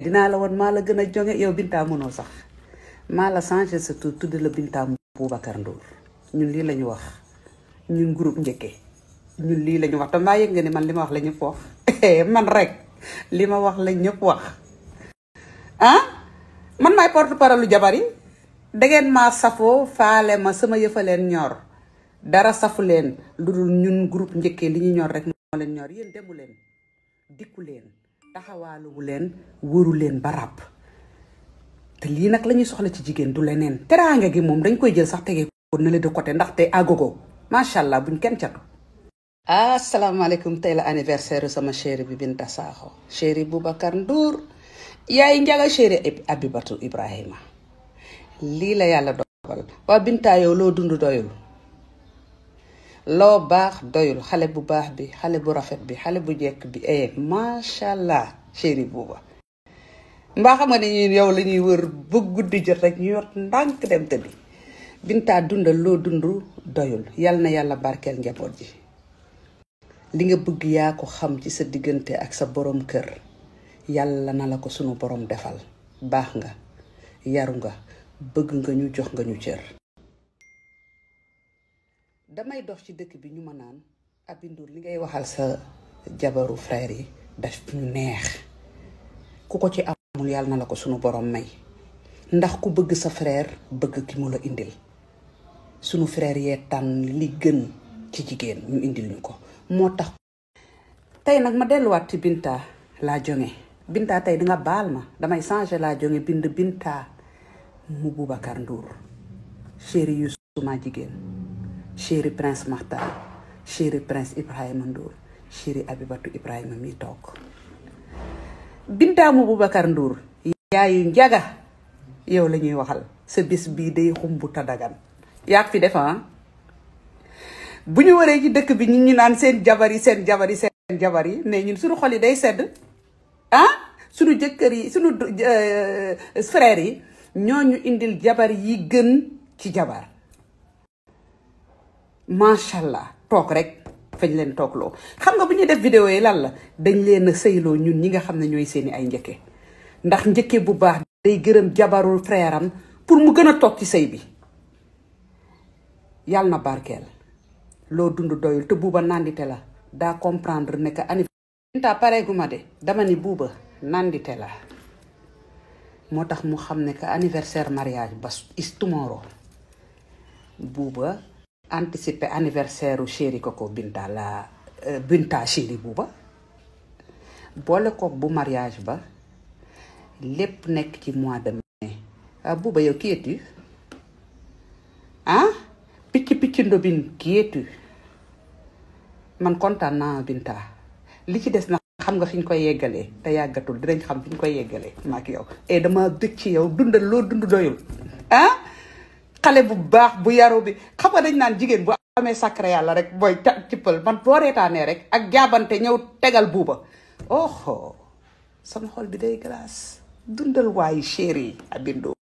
dinaa la woon maa la gën a jonge yow Binta mënoo sax maa la changé sa tur tudd la Binta Boubacar Ndour ñun lii la ñu wax ñun groupe njëkke ñun lii la ñu wax te maa yëg nga ni man li ma wax la ñëpp wax eh, man rek li ma wax la ñëpp wax ah man maay porte parole lu jabar yi dangeen maa safoo faale ma sama yëfaleen ñor dara safu leen lu dul ñun groupe njëkkee li ñu ñor rek moo leen ñor yéen demu leen dikku leen taxawaaluwu leen wóoru leen ba ràpp te lii nag lañuy soxla ci jigéen du leneen teraanga gi moom dañ koy jël sax tegee ko na le de ndax te agogo macha allah buñ kenn catu asalaamaaleykum tey la anniversaire sama chéri bi Binta Sakho chéri Boubacar Ndour yaay njaga chéri Abibatu Ibrahima lii la yàlla dogal waa Binta yow loo dund doyul loo baax doyul xale bu baax bi xale bu rafet bi xale bu jekk bi eh macha allah chéri buuba mbaa xam nga ne yow la wër ba guddi jot rek ñu yor ndànk dem tëddi bintaa dundal loo dundu doyul yal na yàlla barkeel njaboot ji li nga bëgg yaa ko xam ci sa diggante ak sa borom kër yàlla na la ko sunu borom defal baax nga yaru nga bëgg nga ñu jox nga ñu cër damay dox ci dëkk bi ñu ma naan abinduur li ngay waxal sa jabaru frair yi daf neex ku ko ci amul yàlla na la ko suñu boroom may ndax ku bëgg sa frère bëgg ki mu la indil sunu frère yee tànn li gën ci jigéen ñu indil ñu ko moo tax tey nag ma delluwaat ci Binta laa jonge Binta tey di nga baal ma damay changé laa jonge bind Binta mu Boubacar Ndour chéri yu suma jigéen chéri prince Makhtar chéri prince Ibrahima Ndour chéri Abibatu Ibrahima mi toog bintaamu Boubacar Ndour yaayu njaga yow lañuy waxal sa bis bii day xumbu tadagan yaa fi defan ah? bu ñu waree ci dëkk bi ñu ñu naan seen jabar yi seen jabar yi seen jabar yi mais ñun suñu xol yi day sedd ah suñu jëkkër yi suñu euh, frères yi ñoo ñu indil jabar yi gën ci jabar macha allah toog rek fañ leen toogloo xam nga bu ñuy def vidéo yi lan la dañ leen a sëyloo ñun ñi nga xam ne ñooy seeni ay njëkke ndax njëkke bu baax day gërëm jabarul frère am pour mu gën a toog ci sëy bi yàlla na barkeel loo dund doyul te buuba nandite la daa comprendre ne que ani inta buuba nandite la moo tax mu xam ne que anniversaire mariage ba is buuba anticiper anniversaire u chéri Koko Binta la euh, Binta chéri Bouba boole kook bu mariage ba lépp nekk ci mois de mai ah, Bouba yow qui es-tu ah picc picc ndobin qui es man kontaan naa Binta li ci des na xam nga fiñ koy yeggalee te yàggatul dinañ xam fi koy yeggalee maak yow et eh, dama dëkk ci yow dundal loo dund doyul ah xale bu baax bu yaru bi xam nga dañ naan jigéen bu amee sacré yàlla rek booy cippal man boo reetaanee rek ak jaabante ñëw tegal buuba oh sama xol bi day glace dundal waayu chéri yi Abindoo